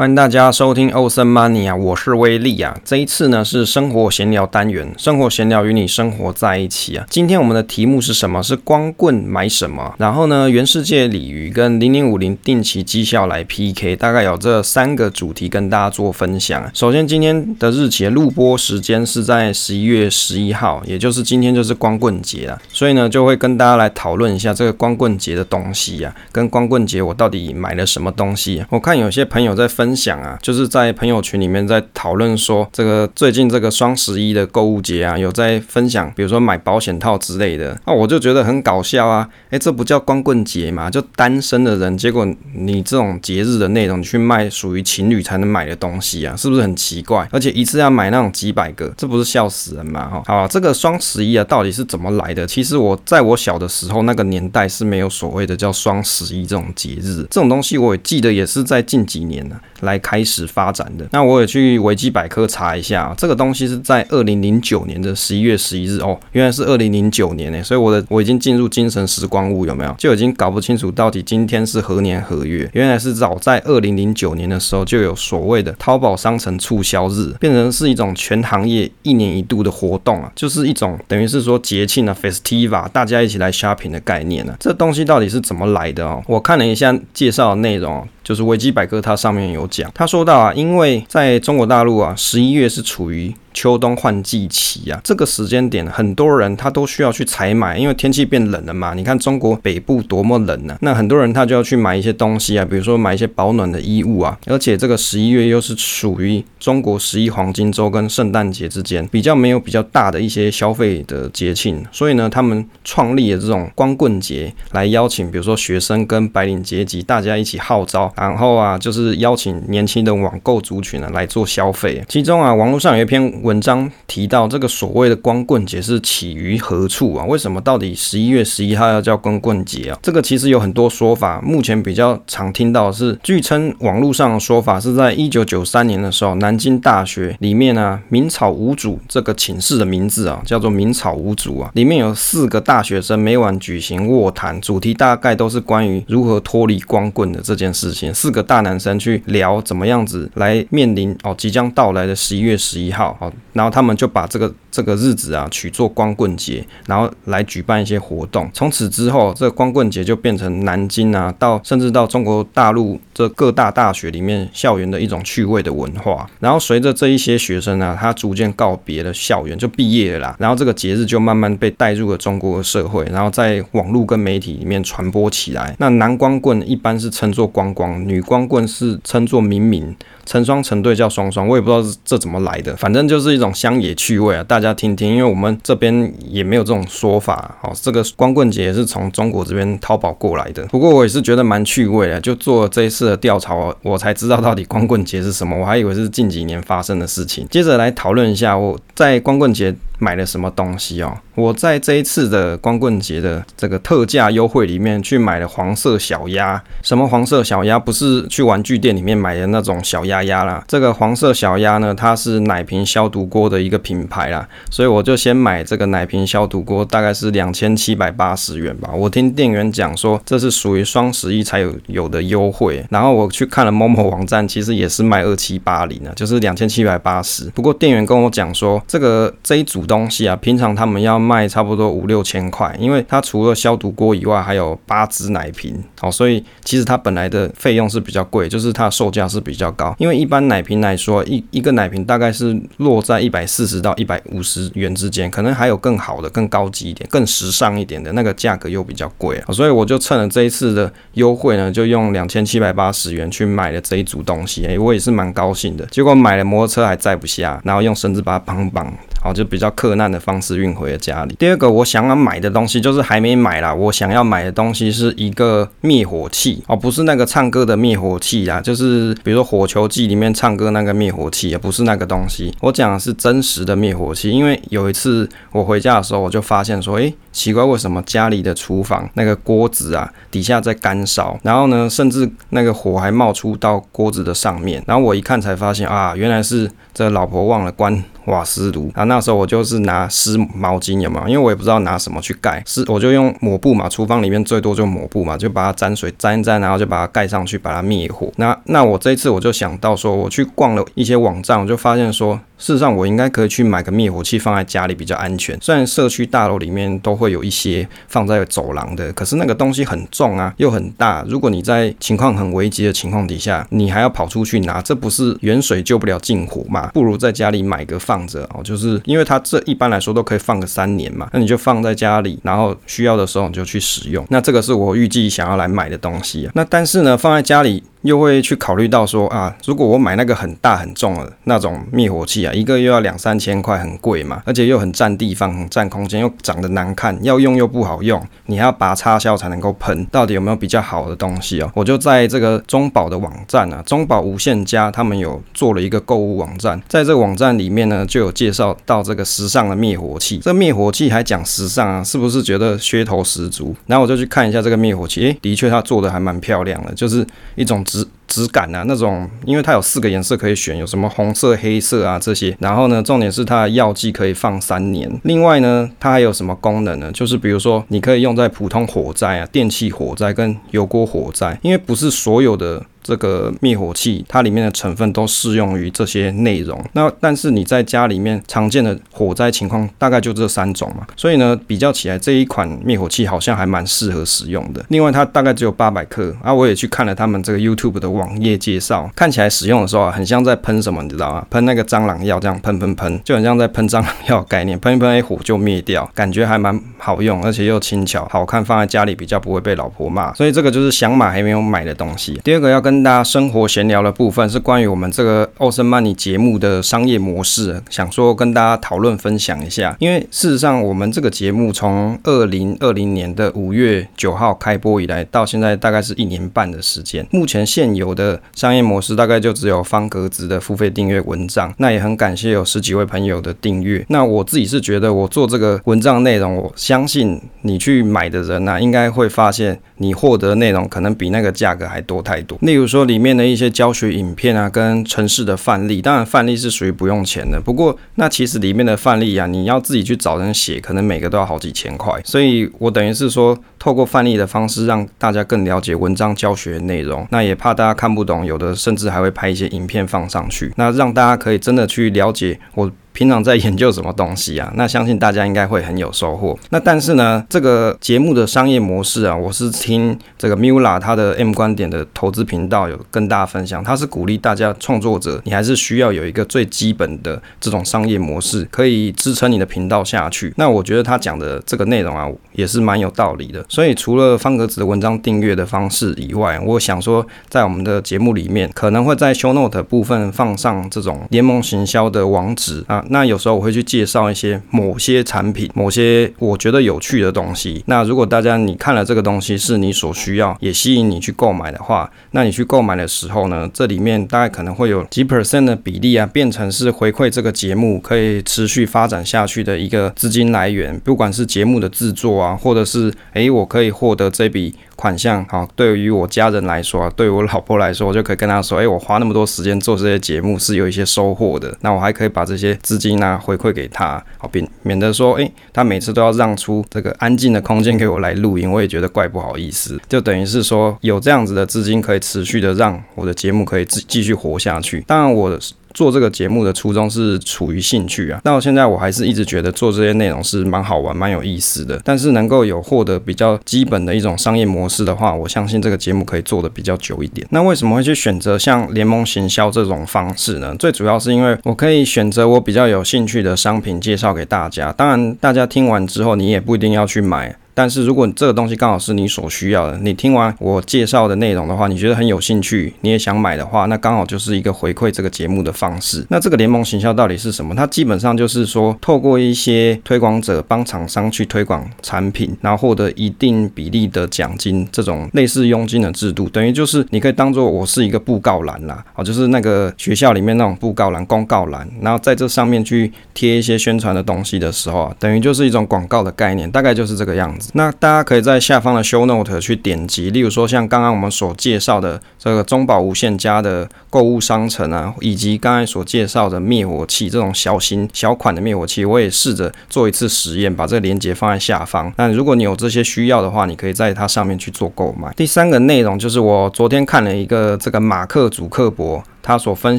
歡迎大家收聽《Awesome Money》啊，我是威利啊。這一次呢是生活閒聊單元，生活閒聊與你生活在一起啊。今天我們的題目是什麼？是光棍買什麼？然後呢，元世界鯉魚跟零零五零定期績效來 PK，大概有這三個主題跟大家做分享。首先，今天的日期錄播時間是在十一月十一號，也就是今天就是光棍節啊，所以呢就會跟大家來討論一下這個光棍節的東西啊，跟光棍節我到底買了什麼東西？我看有些朋友在分。分享啊，就是在朋友群裡面在討論說，這個最近這個雙十一的購物節啊，有在分享，比如說買保險套之類的。啊，那我就覺得很搞笑啊，哎，這不叫光棍節嘛，就單身的人，結果你這種節日的內容去賣屬於情侶才能買的東西啊，是不是很奇怪？而且一次要買那種幾百個，這不是笑死人嘛哈。好，這個雙十一啊，到底是怎麼來的？其實我在我小的時候那個年代是沒有所謂的叫雙十一這種節日，這種東西我也記得也是在近幾年的啊。來開始發展的。那我也去維基百科查一下，啊，這個東西是在二零零九年的十一月十一日哦，原來是二零零九年哎，所以我的我已經進入精神時光屋，有沒有？就已經搞不清楚到底今天是何年何月。原來是早在二零零九年的時候就有所謂的淘寶商城促銷日，變成是一種全行業一年一度的活動啊，就是一種等於是說節慶的，啊、festival，大家一起來 shopping 的概念呢，啊。這東西到底是怎麼來的哦？我看了一下介紹的內容，啊。就是維基百科，它上面有講，它說到啊，因為在中國大陸啊，十一月是處於。秋冬換季期啊，這個時間點，很多人他都需要去採買，因為天氣變冷了嘛。你看中國北部多麼冷呢、啊？那很多人他就要去買一些東西啊，比如說，買一些保暖的衣物啊。而且這個十一月又是屬於中國十一黃金週跟聖誕節之間，比較沒有比較大的一些消費的節慶，所以呢，他們創立了這種光棍節來邀請，比如說學生跟白領階級大家一起號召，然後啊，就是邀請年輕的網購族群呢、啊、來做消費。其中啊，網絡上有一篇。文章提到這個所謂的光棍節是起於何處啊？為什麼到底十一月十一號要叫光棍節啊？這個其實有很多說法，目前比較常聽到的是，據稱網絡上的說法是在一九九三年的時候，南京大學裡面呢、啊，名草無主這個寢室的名字啊，叫做名草無主啊，裡面有四個大學生每晚舉行臥談，主題大概都是關於如何脫離光棍的這件事情，四個大男生去聊怎麼樣子來面臨哦即將到來的十一月十一號啊。然後他們就把這個，這個日子啊，取作光棍節，然後來舉辦一些活動。從此之後，這光棍節就變成南京啊，到甚至到中國大陸這各大大學裡面校園的一種趣味的文化。然後隨着這一些學生啊，他逐漸告別了校園，就畢業了啦。然後這個節日就慢慢被帶入了中國的社會，然後在網絡跟媒體裡面傳播起來。那男光棍一般是稱作光光，女光棍是稱作明明，成雙成對叫雙雙。我也不知道這怎麼來的，反正就是一種鄉野趣味啊，大。大家聽聽，因為我們這邊也沒有這種說法，好、哦，這個光棍節也是從中國這邊淘寶過來的。不過我也是覺得蠻趣味的，就做這一次的調查，我才知道到底光棍節是什麼。我還以為是近幾年發生的事情。接着來討論一下，我在光棍節，買了什麼東西哦、喔？我在這一次的光棍節的這個特價優惠裡面去買了黃色小鴨，什麼黃色小鴨？不是去玩具店裡面買的那種小鴨鴨啦。這個黃色小鴨呢，它是奶瓶消毒鍋的一個品牌啦，所以我就先買這個奶瓶消毒鍋，大概是兩千七百八十元吧。我聽店員講說，這是屬於雙十一才有有的優惠。然後我去看了 Momo 網站，其實也是賣二七八零的，就是兩千七百八十。不過店員跟我講說，這個這一組。東西啊，平常他們要賣差不多五六千塊，因為它除了消毒鍋以外，還有八隻奶瓶，好、哦，所以其實它本來的費用是比較貴，就是它的售價是比較高，因為一般奶瓶來說，一一個奶瓶大概是落在一百四十到一百五十元之間，可能還有更好的、更高級一點、更時尚一點的那個價格又比較貴、哦，所以我就趁了這一次的優惠呢，就用兩千七百八十元去買了這一組東西，誒、欸，我也是蠻高興的，結果買了摩托車還載不下，然後用繩子把它綁綁，好、哦，就比較。困難的方式運回了家裡。第二個，我想要買的東西就是還沒買啦。我想要買的東西是一個滅火器哦，不是那個唱歌的滅火器啦，就是比如說火球記裡面唱歌那個滅火器，也不是那個東西。我講的是真實的滅火器，因為有一次我回家的時候，我就發現說，誒，奇怪，為什麼家裡的廚房那個鍋子啊底下在乾燒，然後呢，甚至那個火還冒出到鍋子的上面。然後我一看才發現啊，原來是這老婆忘了關。瓦斯爐，那、啊、那時候我就是拿濕毛巾，有嗎？因為我也不知道拿什麼去蓋，濕我就用抹布嘛，廚房裡面最多就抹布嘛，就把它沾水沾一沾，然後就把它蓋上去，把它滅火。那那我這一次我就想到說，我去逛了一些網站，我就發現說。事實上，我應該可以去買個滅火器放在家裡比較安全。雖然社區大樓裡面都會有一些放在走廊的，可是那個東西很重啊，又很大。如果你在情況很危急的情況底下，你還要跑出去拿，這不是遠水救不了近火嘛？不如在家裡買個放着哦，就是因為它這一般來說都可以放個三年嘛，那你就放在家裡，然後需要的時候你就去使用。那這個是我預計想要來買的東西啊。那但是呢，放在家裡。又會去考慮到說啊，如果我買那個很大很重的那種滅火器啊，一個又要兩三千塊，很貴嘛，而且又很佔地方，很佔空間，又長得難看，要用又不好用，你還要拔插銷才能夠噴。到底有沒有比較好的東西哦？我就在這個中保的網站啊，中保無限家他們有做了一個購物網站，在這個網站裡面呢，就有介紹到這個時尚的滅火器。這滅火器還講時尚啊，是不是覺得噱頭十足？然後我就去看一下這個滅火器，誒，的確它做的還蠻漂亮的，就是一種。質感啊，那種，因為它有四個顏色可以選，有什麼紅色、黑色啊這些。然後呢，重點是它的藥劑可以放三年。另外呢，它還有什麼功能呢？就是比如說，你可以用在普通火災啊、電器火災跟油鍋火災，因為不是所有的。這個滅火器它裡面的成分都適用於這些內容。那但是你在家裡面常見的火災情況大概就這三種嘛，所以呢，比較起來這一款滅火器好像還蠻適合使用的。另外它大概只有八百克，啊我也去看了他們這個 YouTube 的網頁介紹，看起來使用的時候啊很像在噴什麼，你知道嗎？噴那個蟑螂藥這樣噴噴噴，就很像在噴蟑螂藥的概念，噴一噴火就滅掉，感覺還蠻好用，而且又輕巧好看，放在家裡比較不會被老婆罵。所以這個就是想買還沒有買的東西。第二個要跟。跟大家生活閒聊的部分是關於我們這個奧森曼尼節目的商業模式，想說跟大家討論分享一下。因為事實上，我們這個節目從二零二零年的五月九號開播以來，到現在大概是一年半的時間。目前現有的商業模式大概就只有方格子的付費訂閱文章，那也很感謝有十幾位朋友的訂閱。那我自己是覺得，我做這個文章內容，我相信你去買的人呢，啊，應該會發現。你獲得的內容可能比那個價格還多太多。例如說，裡面的一些教學影片啊，跟程式的範例，當然範例是屬於不用錢的。不過，那其實裡面的範例啊，你要自己去找人寫，可能每個都要好幾千塊。所以我等於是說，透過範例的方式，讓大家更了解文章教學內容。那也怕大家看不懂，有的甚至還會拍一些影片放上去，那讓大家可以真的去了解我。平常在研究什麼東西啊？那相信大家應該會很有收穫。那但是呢，這個節目的商業模式啊，我是聽這個 Mula 他的 M 觀點的投資頻道有跟大家分享，他是鼓勵大家創作者，你還是需要有一個最基本的這種商業模式，可以支撐你的頻道下去。那我覺得他講的這個內容啊，也是蠻有道理的。所以除了方格子的文章訂閱的方式以外，我想說，在我們的節目裡面，可能會在 Show Note 部分放上這種聯盟行銷的網址啊。那有時候我會去介紹一些某些產品、某些我覺得有趣的東西。那如果大家你看了這個東西是你所需要，也吸引你去購買的話，那你去購買的時候呢，這裡面大概可能會有幾 percent 的比例啊，變成是回饋這個節目，可以持續發展下去的一個資金來源，不管是節目的製作啊，或者是誒、欸，我可以獲得這筆。款項。好，對於我家人來說，對於我老婆來說，我就可以跟她說，哎、欸，我花那麼多時間做這些節目是有一些收穫的。那我還可以把這些資金呢、啊、回饋給她，好免免得說，哎、欸，她每次都要讓出這個安靜的空間給我來錄音，我也覺得怪不好意思。就等於是說，有這樣子的資金可以持續的讓我的節目可以繼繼續活下去。當然我。做這個節目的初衷是出於興趣啊，到現在我還是一直覺得做這些內容是蠻好玩、蠻有意思的。但是能夠有獲得比較基本的一種商業模式的話，我相信這個節目可以做得比較久一點。那為什麼會去選擇像聯盟行銷這種方式呢？最主要是因為我可以選擇我比較有興趣的商品介紹給大家。當然，大家聽完之後，你也不一定要去買。但是，如果你這個東西剛好是你所需要的，你聽完我介紹的內容的話，你覺得很有興趣，你也想買的話，那剛好就是一個回饋這個節目的方式。那這個聯盟行銷到底是什麼？它基本上就是說，透過一些推廣者幫廠商去推廣產品，然後獲得一定比例的獎金，這種類似佣金的制度，等於就是你可以當做我是一個布告欄啦，哦，就是那個學校裡面那種布告欄、公告欄，然後在這上面去貼一些宣傳的東西的時候啊，等於就是一種廣告的概念，大概就是這個樣子。那大家可以在下方的 show note 去點擊，例如說像剛剛我們所介紹的這個中保無限家的購物商城啊，以及剛才所介紹的滅火器這種小型小款的滅火器，我也試着做一次實驗，把這個鏈接放在下方。那如果你有這些需要的話，你可以在它上面去做購買。第三個內容就是我昨天看了一個這個馬克祖克伯。他所分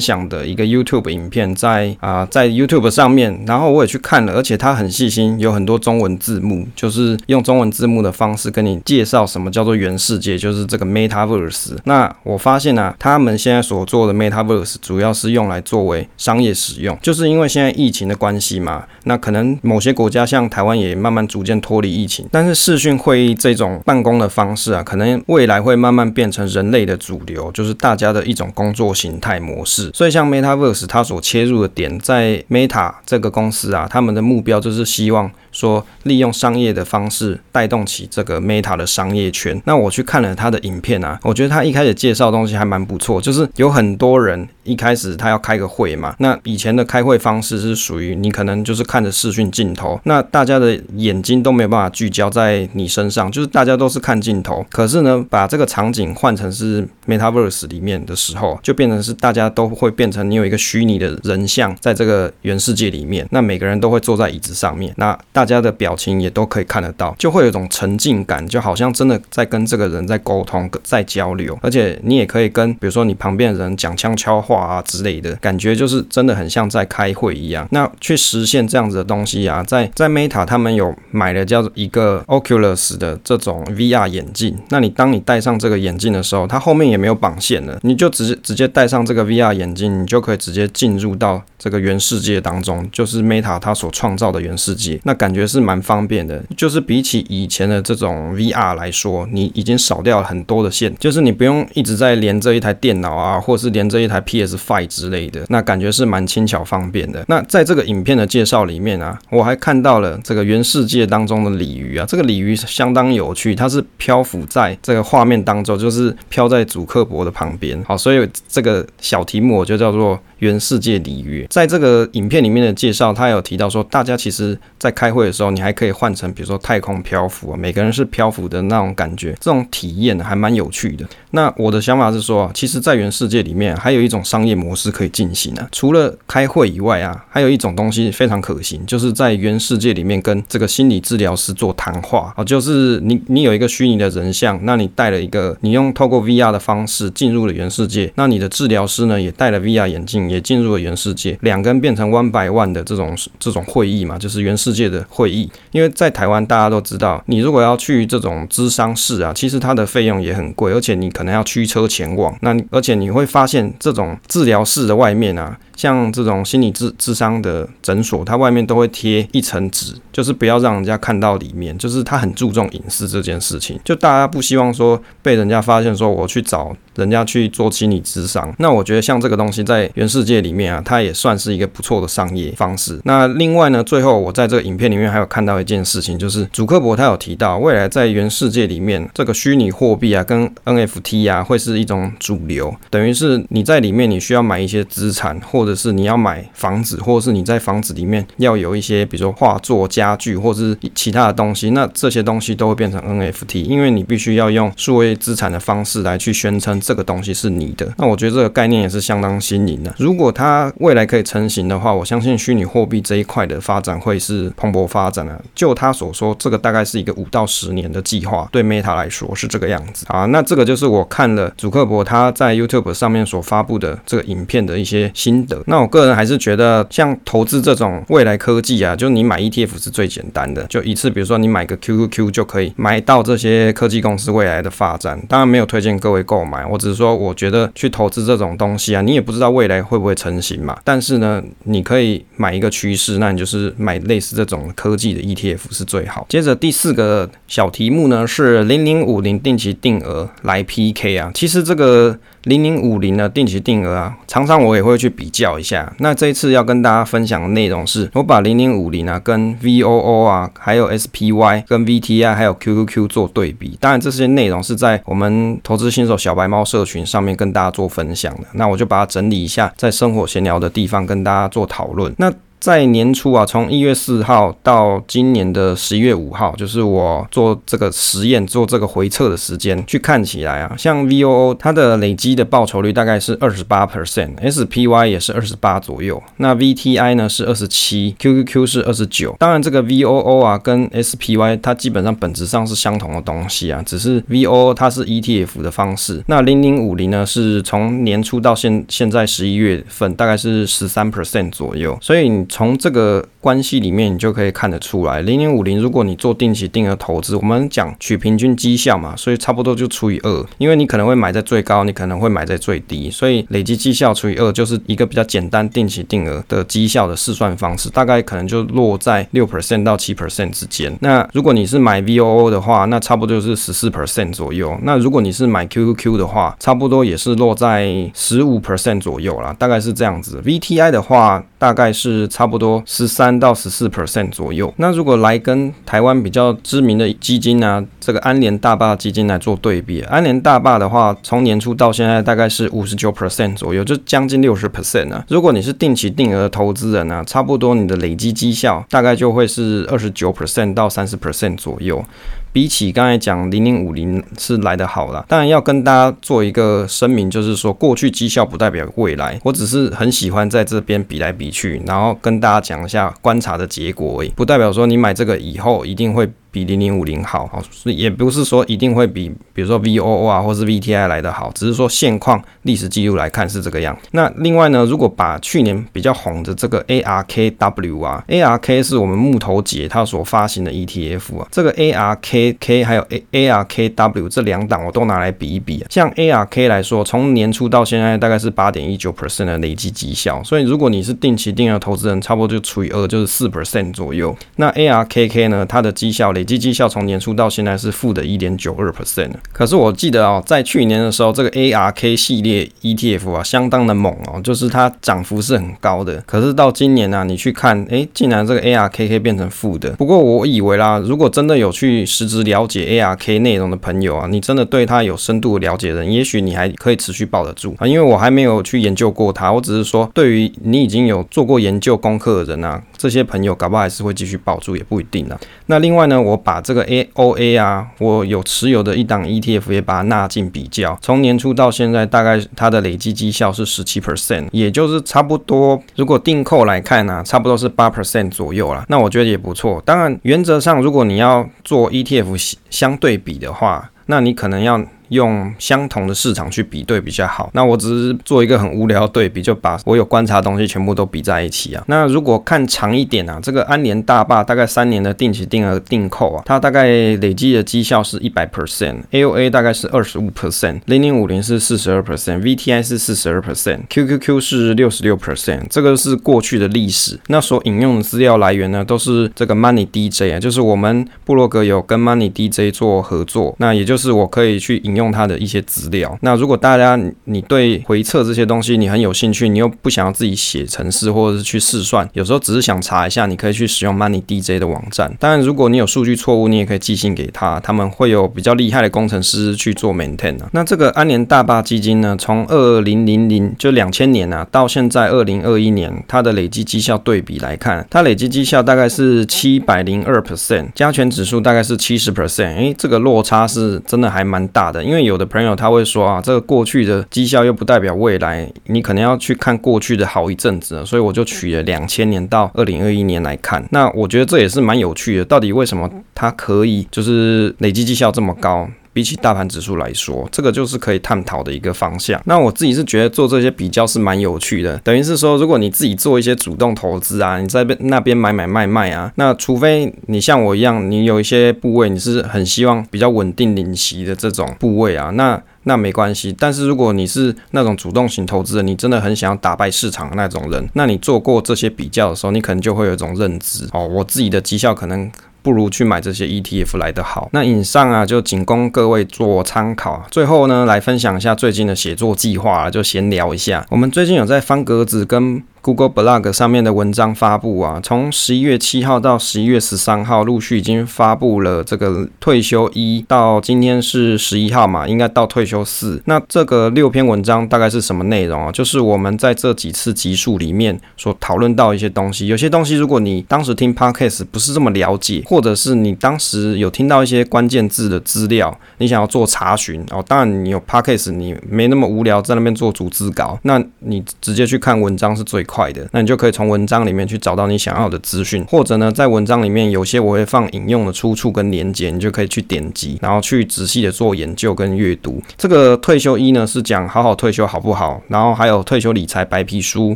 享的一個 YouTube 影片，在、呃，在啊，在 YouTube 上面，然後我也去看了，而且他很細心，有很多中文字幕，就是用中文字幕的方式跟你介紹什麼叫做元世界，就是這個 Metaverse。那我發現呢、啊，他們現在所做的 Metaverse 主要是用來作為商業使用，就是因為現在疫情的關係嘛，那可能某些國家像台灣也慢慢逐漸脫離疫情，但是視訊會議這種辦公的方式啊，可能未來會慢慢變成人類的主流，就是大家的一種工作形態嘛。模式，所以像 Metaverse，它所切入的點在 Meta 這個公司啊，他們的目標就是希望說，利用商業的方式帶動起這個 Meta 的商業圈。那我去看了他的影片啊，我覺得他一開始介紹的東西還蠻不錯，就是有很多人。一開始他要開個會嘛，那以前的開會方式是屬於你可能就是看着視訊鏡頭，那大家的眼睛都沒有辦法聚焦在你身上，就是大家都是看鏡頭。可是呢，把這個場景換成是 Metaverse 裡面的時候，就變成是大家都會變成你有一個虛擬的人像在這個元世界裡面，那每個人都會坐在椅子上面，那大家的表情也都可以看得到，就會有一種沉浸感，就好像真的在跟這個人在溝通、在交流，而且你也可以跟比如說你旁邊的人講悄悄話。啊之類的感覺，就是真的很像在開會一樣。那去實現這樣子的東西啊，在在 Meta 他們有買了叫做一個 Oculus 的這種 VR 眼鏡。那你當你戴上這個眼鏡的時候，它後面也沒有綁線了，你就直直接戴上這個 VR 眼鏡，你就可以直接進入到這個元世界當中，就是 Meta 它所創造的元世界。那感覺是蠻方便的，就是比起以前的這種 VR 來說，你已經少掉了很多的線，就是你不用一直在連着一台電腦啊，或是連着一台 P。也是飛之類的，那感覺是蠻輕巧方便的。那在這個影片的介紹裡面啊，我還看到了這個原世界當中的鯉魚啊，這個鯉魚相當有趣，它是漂浮在這個畫面當中，就是漂在祖克柏的旁邊。好，所以這個小題目我就叫做。元世界鯉魚，在這個影片裡面的介紹，他有提到說，大家其實在開會的時候，你還可以換成比如說太空漂浮啊，每個人是漂浮的那種感覺，這種體驗還蠻有趣的。那我的想法是說，其實在元世界裡面還有一種商業模式可以進行啊，除了開會以外啊，還有一種東西非常可行，就是在元世界裡面跟這個心理治療師做談話啊，就是你你有一個虛擬的人像，那你帶了一個，你用透過 VR 的方式進入了元世界，那你的治療師呢也戴了 VR 眼鏡。也進入了元世界，兩根變成 one by one 的這種這種會議嘛，就是元世界的會議。因為在台灣，大家都知道，你如果要去這種諮商室啊，其實它的費用也很貴，而且你可能要驅車前往。那而且你會發現，這種治療室的外面啊。像這種心理諮諮商的診所，它外面都會貼一層紙，就是不要讓人家看到裡面，就是它很注重隱私這件事情。就大家不希望說被人家發現，說我去找人家去做心理諮商。那我覺得像這個東西在元世界裡面啊，它也算是一個不錯的商業方式。那另外呢，最後我在這個影片裡面還有看到一件事情，就是祖克伯他有提到，未來在元世界裡面，這個虛擬貨幣啊跟 NFT 啊會是一種主流，等於是你在裡面你需要買一些資產或者。是你要買房子，或者是你在房子裡面要有一些，比如說畫作、家具，或者是其他的東西，那這些東西都會變成 NFT，因為你必須要用數位資產的方式來去宣稱這個東西是你的。那我覺得這個概念也是相當新穎的。如果它未來可以成型的話，我相信虛擬貨幣這一塊的發展會是蓬勃發展的。啊，就他所說，這個大概是一個五到十年的計劃，對 Meta 來說是這個樣子。啊，那這個就是我看了祖克柏他在 YouTube 上面所發布的這個影片的一些新。那我個人還是覺得，像投資這種未來科技啊，就你買 ETF 是最簡單的，就一次，比如說你買個 QQQ 就可以買到這些科技公司未來的發展。當然沒有推薦各位購買，我只是說我覺得去投資這種東西啊，你也不知道未來會不會成型嘛。但是呢，你可以買一個趨勢，那你就是買類似這種科技的 ETF 是最好。接着第四個小題目呢是0050定期定額來 PK 啊，其實這個。零零五零的定期定額啊，常常我也會去比較一下。那這一次要跟大家分享的內容是，我把零零五零啊，跟 V O O 啊，還有 S P Y 跟 V T I 還有 Q Q Q 做對比。當然，這些內容是在我們投資新手小白貓社群上面跟大家做分享的。那我就把它整理一下，在生活閒聊的地方跟大家做討論。那在年初啊，從一月四號到今年的十一月五號，就是我做這個實驗、做這個回測的時間去看起來啊，像 V O O 它的累積的報酬率大概是二十八 percent，S P Y 也是二十八左右，那 V T I 呢是二十七，Q Q Q 是二十九。當然，這個 V O O 啊跟 S P Y 它基本上本質上是相同的東西啊，只是 V O O 它是 E T F 的方式，那零零五零呢是從年初到現現在十一月份大概是十三 percent 左右，所以你。從這個關係裡面，你就可以看得出來，零零五零，如果你做定期定額投資，我們講取平均績效嘛，所以差不多就除以二，因為你可能會買在最高，你可能會買在最低，所以累積績效除以二，就是一個比較簡單定期定額的績效的試算方式，大概可能就落在六 percent 到七 percent 之間。那如果你是買 VOO 的話，那差不多就是十四 percent 左右。那如果你是買 QQQ 的話，差不多也是落在十五 percent 左右啦，大概是這樣子。VTI 的話，大概是差。差不多十三到十四 percent 左右。那如果來跟台灣比較知名的基金呢、啊，這個安聯大壩基金來做對比，安聯大壩的話，從年初到現在大概是五十九 percent 左右，就將近六十 percent 啊。如果你是定期定額投資人呢、啊，差不多你的累積績效大概就會是二十九 percent 到三十 percent 左右。比起剛才講零零五零是來的好了，當然要跟大家做一個聲明，就是說過去績效不代表未來。我只是很喜歡在這邊比來比去，然後跟大家講一下觀察的結果，而已，不代表說你買這個以後一定會。比零零五零好，也不是說一定會比，比如說 V O O 啊，或是 V T I 來的好，只是說現況歷史記錄來看是這個樣。那另外呢，如果把去年比較紅的這個 A R K W 啊，A R K 是我們木頭姐她所發行的 E T F 啊，這個 A R K K 還有 A A R K W 這兩檔我都拿來比一比啊，像 A R K 來說，從年初到現在大概是八點一九 percent 的累積績效，所以如果你是定期定額投資人，差不多就除以二就是四 percent 左右。那 A R K K 呢，它的績效累累計績效從年初到現在是負的1.92%。可是我記得哦、喔，在去年的時候，這個 ARK 系列 ETF 啊，相當的猛哦、喔，就是它漲幅是很高的。可是到今年啊，你去看，誒，竟然這個 ARKK 變成負的。不過我以為啦，如果真的有去實質了解 ARK 內容的朋友啊，你真的對它有深度的了解的人，也許你還可以持續抱得住啊。因為我還沒有去研究過它，我只是說，對於你已經有做過研究功課的人啊，這些朋友搞不好還是會繼續抱住，也不一定啊。那另外呢，我。我把這個 A O A 啊，我有持有的一檔 ETF 也把它納進比較。從年初到現在，大概它的累計績效是十七 percent，也就是差不多。如果定扣來看呢、啊，差不多是八 percent 左右了。那我覺得也不錯。當然，原則上如果你要做 ETF 相對比的話，那你可能要。用相同的市場去比對比較好。那我只是做一個很無聊的對比，就把我有觀察的東西全部都比在一起啊。那如果看長一點啊，這個安聯大壩大概三年的定期定額定扣啊，它大概累計的績效是一百 percent，A O A 大概是二十五 percent，零零五零是四十二 percent，V T I 是四十二 percent，Q Q Q 是六十六 percent。這個是過去的歷史。那所引用的資料來源呢，都是這個 Money D J 啊，就是我們部落格有跟 Money D J 做合作，那也就是我可以去引用。用它的一些資料。那如果大家你對回測這些東西你很有興趣，你又不想要自己寫程式，或者是去試算，有時候只是想查一下，你可以去使用 Money DJ 的網站。當然，如果你有數據錯誤，你也可以寄信給他，他們會有比較厲害的工程師去做 maintain 啊。那這個安聯大壩基金呢，從二零零零就兩千年啊到現在二零二一年，它的累計績效對比來看，它累計績效大概是七百零二 percent，加權指數大概是七十 percent。哎，這個落差是真的還蠻大的。因為有的朋友他會說啊，這個過去的績效又不代表未來，你可能要去看過去的好一陣子，所以我就取了2000年到2021年來看。那我覺得這也是蠻有趣的，到底為什麼它可以就是累積績效這麼高？比起大盤指數來說，這個就是可以探討的一個方向。那我自己是覺得做這些比較是蠻有趣的。等於是說，如果你自己做一些主動投資啊，你在那邊買買賣賣啊，那除非你像我一樣，你有一些部位你是很希望比較穩定領息的這種部位啊，那那沒關係。但是如果你是那種主動型投資人，你真的很想要打敗市場的那種人，那你做過這些比較的時候，你可能就會有一種認知哦，我自己的績效可能。不如去買這些 ETF 來的好。那以上啊，就僅供各位做參考。最後呢，來分享一下最近的寫作計劃啊，就閒聊一下。我們最近有在方格子跟 Google Blog 上面的文章發布啊，從十一月七號到十一月十三號，陸續已經發布了這個退休一到今天是十一號嘛，應該到退休四。那這個六篇文章大概是什麼內容啊？就是我們在這幾次集數裡面所討論到一些東西。有些東西如果你當時聽 Podcast 不是這麼了解，或者是你當時有聽到一些關鍵字的資料，你想要做查詢哦。當然你有 Podcast，你沒那麼無聊在那邊做逐字稿，那你直接去看文章是最快。快的，那你就可以從文章裡面去找到你想要的資訊，或者呢，在文章裡面有些我會放引用的出處跟連接，你就可以去點擊，然後去仔細的做研究跟閱讀。這個退休一呢是講好好退休好不好？然後還有退休理財白皮書，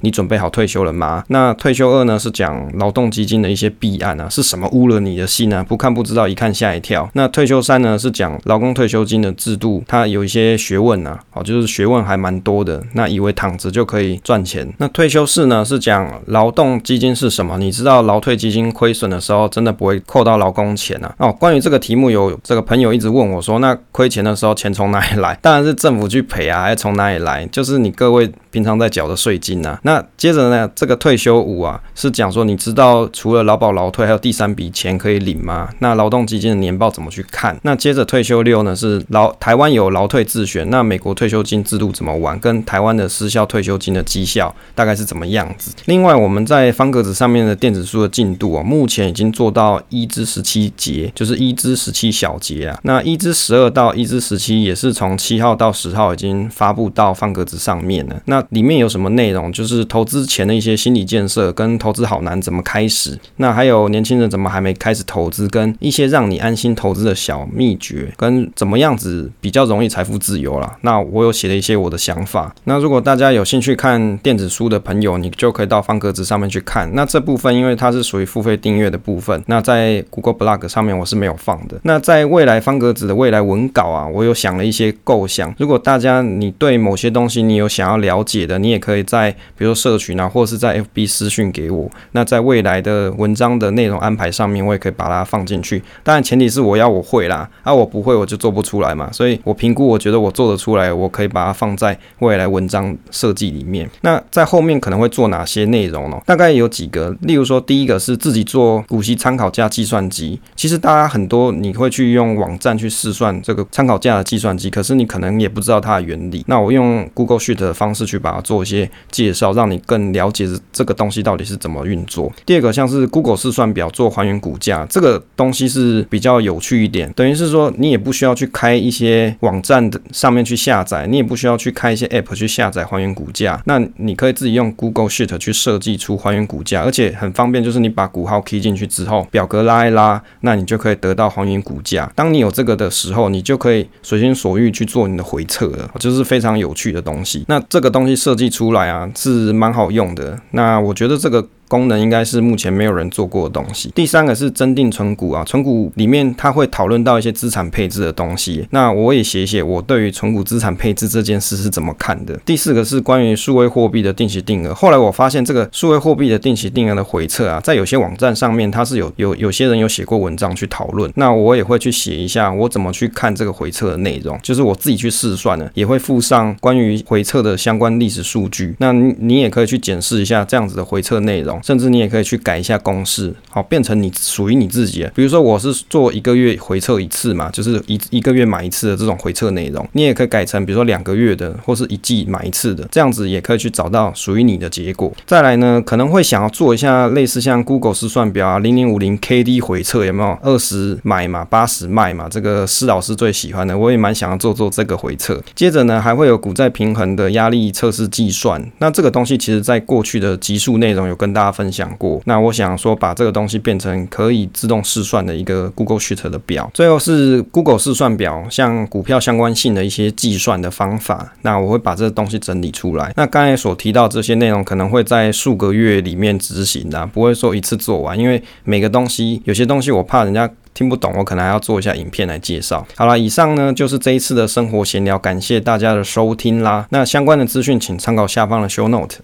你準備好退休了嗎？那退休二呢是講勞動基金的一些弊案啊，是什麼污了你的信呢、啊？不看不知道，一看嚇一跳。那退休三呢是講勞工退休金的制度，它有一些學問啊，好，就是學問還蠻多的。那以為躺着就可以賺錢，那退休。退休四呢，是講勞動基金是什麼？你知道勞退基金虧損的時候，真的不會扣到勞工錢啊。哦，關於這個題目，有這個朋友一直問我說，那虧錢的時候錢從哪裡來？當然是政府去賠啊，還從哪裡來？就是你各位平常在繳的稅金啊。那接着呢，這個退休五啊，是講說，你知道除了勞保勞退，還有第三筆錢可以領嗎？那勞動基金的年報怎麼去看？那接着退休六呢，是勞台灣有勞退自選，那美國退休金制度怎麼玩？跟台灣的私校退休金的績效大概是？怎麼樣子？另外，我們在方格子上面的電子書的進度啊、喔，目前已經做到一至十七節，就是一至十七小節啊。那一至十二到一至十七也是從七號到十號已經發布到方格子上面了。那裡面有什麼內容？就是投資前的一些心理建設，跟投資好難怎麼開始？那還有年輕人怎麼還沒開始投資，跟一些讓你安心投資的小祕訣，跟怎麼樣子比較容易財富自由啦。那我有寫了一些我的想法。那如果大家有興趣看電子書的朋友。有你就可以到方格子上面去看。那這部分因為它是屬於付費訂閱的部分，那在 Google Blog 上面我是沒有放的。那在未來方格子的未來文稿啊，我有想了一些構想。如果大家你對某些東西你有想要了解的，你也可以在比如說社群啊，或是在 FB 私訊給我。那在未來的文章的內容安排上面，我也可以把它放進去。當然前提是我要我會啦，啊我不會我就做不出來嘛。所以我評估我覺得我做得出來，我可以把它放在未來文章設計裡面。那在後面可能。可能會做哪些內容呢、喔？大概有幾個，例如說，第一個是自己做股息參考價計算機。其實大家很多你會去用網站去試算這個參考價的計算機，可是你可能也不知道它的原理。那我用 Google Sheet 的方式去把它做一些介紹，讓你更了解這個東西到底是怎麼運作。第二個像是 Google 試算表做還原股價，這個東西是比較有趣一點，等於是說你也不需要去開一些網站的上面去下載，你也不需要去開一些 App 去下載還原股價，那你可以自己用。Google Sheet 去設計出還原股價，而且很方便，就是你把股號 key 進去之後，表格拉一拉，那你就可以得到還原股價。當你有這個的時候，你就可以隨心所欲去做你的回測了，就是非常有趣的東西。那這個東西設計出來啊，是蠻好用的。那我覺得這個。功能應該是目前沒有人做過的東西。第三個是增定存股啊，存股裡面它會討論到一些資產配置的東西。那我也寫寫我對於存股資產配置這件事是怎麼看的。第四個是關於數位貨幣的定期定額。後來我發現這個數位貨幣的定期定額的回測啊，在有些網站上面它是有有有些人有寫過文章去討論。那我也會去寫一下我怎麼去看這個回測的內容，就是我自己去試算呢，也會附上關於回測的相關歷史數據。那你你也可以去檢視一下這樣子的回測內容。甚至你也可以去改一下公式，好變成你屬於你自己的。比如說我是做一個月回測一次嘛，就是一一個月買一次的這種回測內容，你也可以改成比如說兩個月的或是一季買一次的，這樣子也可以去找到屬於你的結果。再來呢，可能會想要做一下類似像 Google 試算表啊，零零五零 KD 回測有沒有？二十買嘛，八十賣嘛，這個施老師最喜歡的，我也蠻想要做做這個回測。接着呢，還會有股債平衡的壓力測試計算。那這個東西其實在過去的集數內容有跟大家。分享過，那我想說把這個東西變成可以自動試算的一個 Google Sheet、er、的錶。最後是 Google 試算表，像股票相關性的一些計算的方法，那我會把這個東西整理出來。那剛才所提到的這些內容可能會在數個月裡面執行的、啊，不會說一次做完，因為每個東西有些東西我怕人家聽不懂，我可能還要做一下影片來介紹。好啦，以上呢就是這一次的生活閒聊，感謝大家的收聽啦。那相關的資訊請參考下方的 Show Note。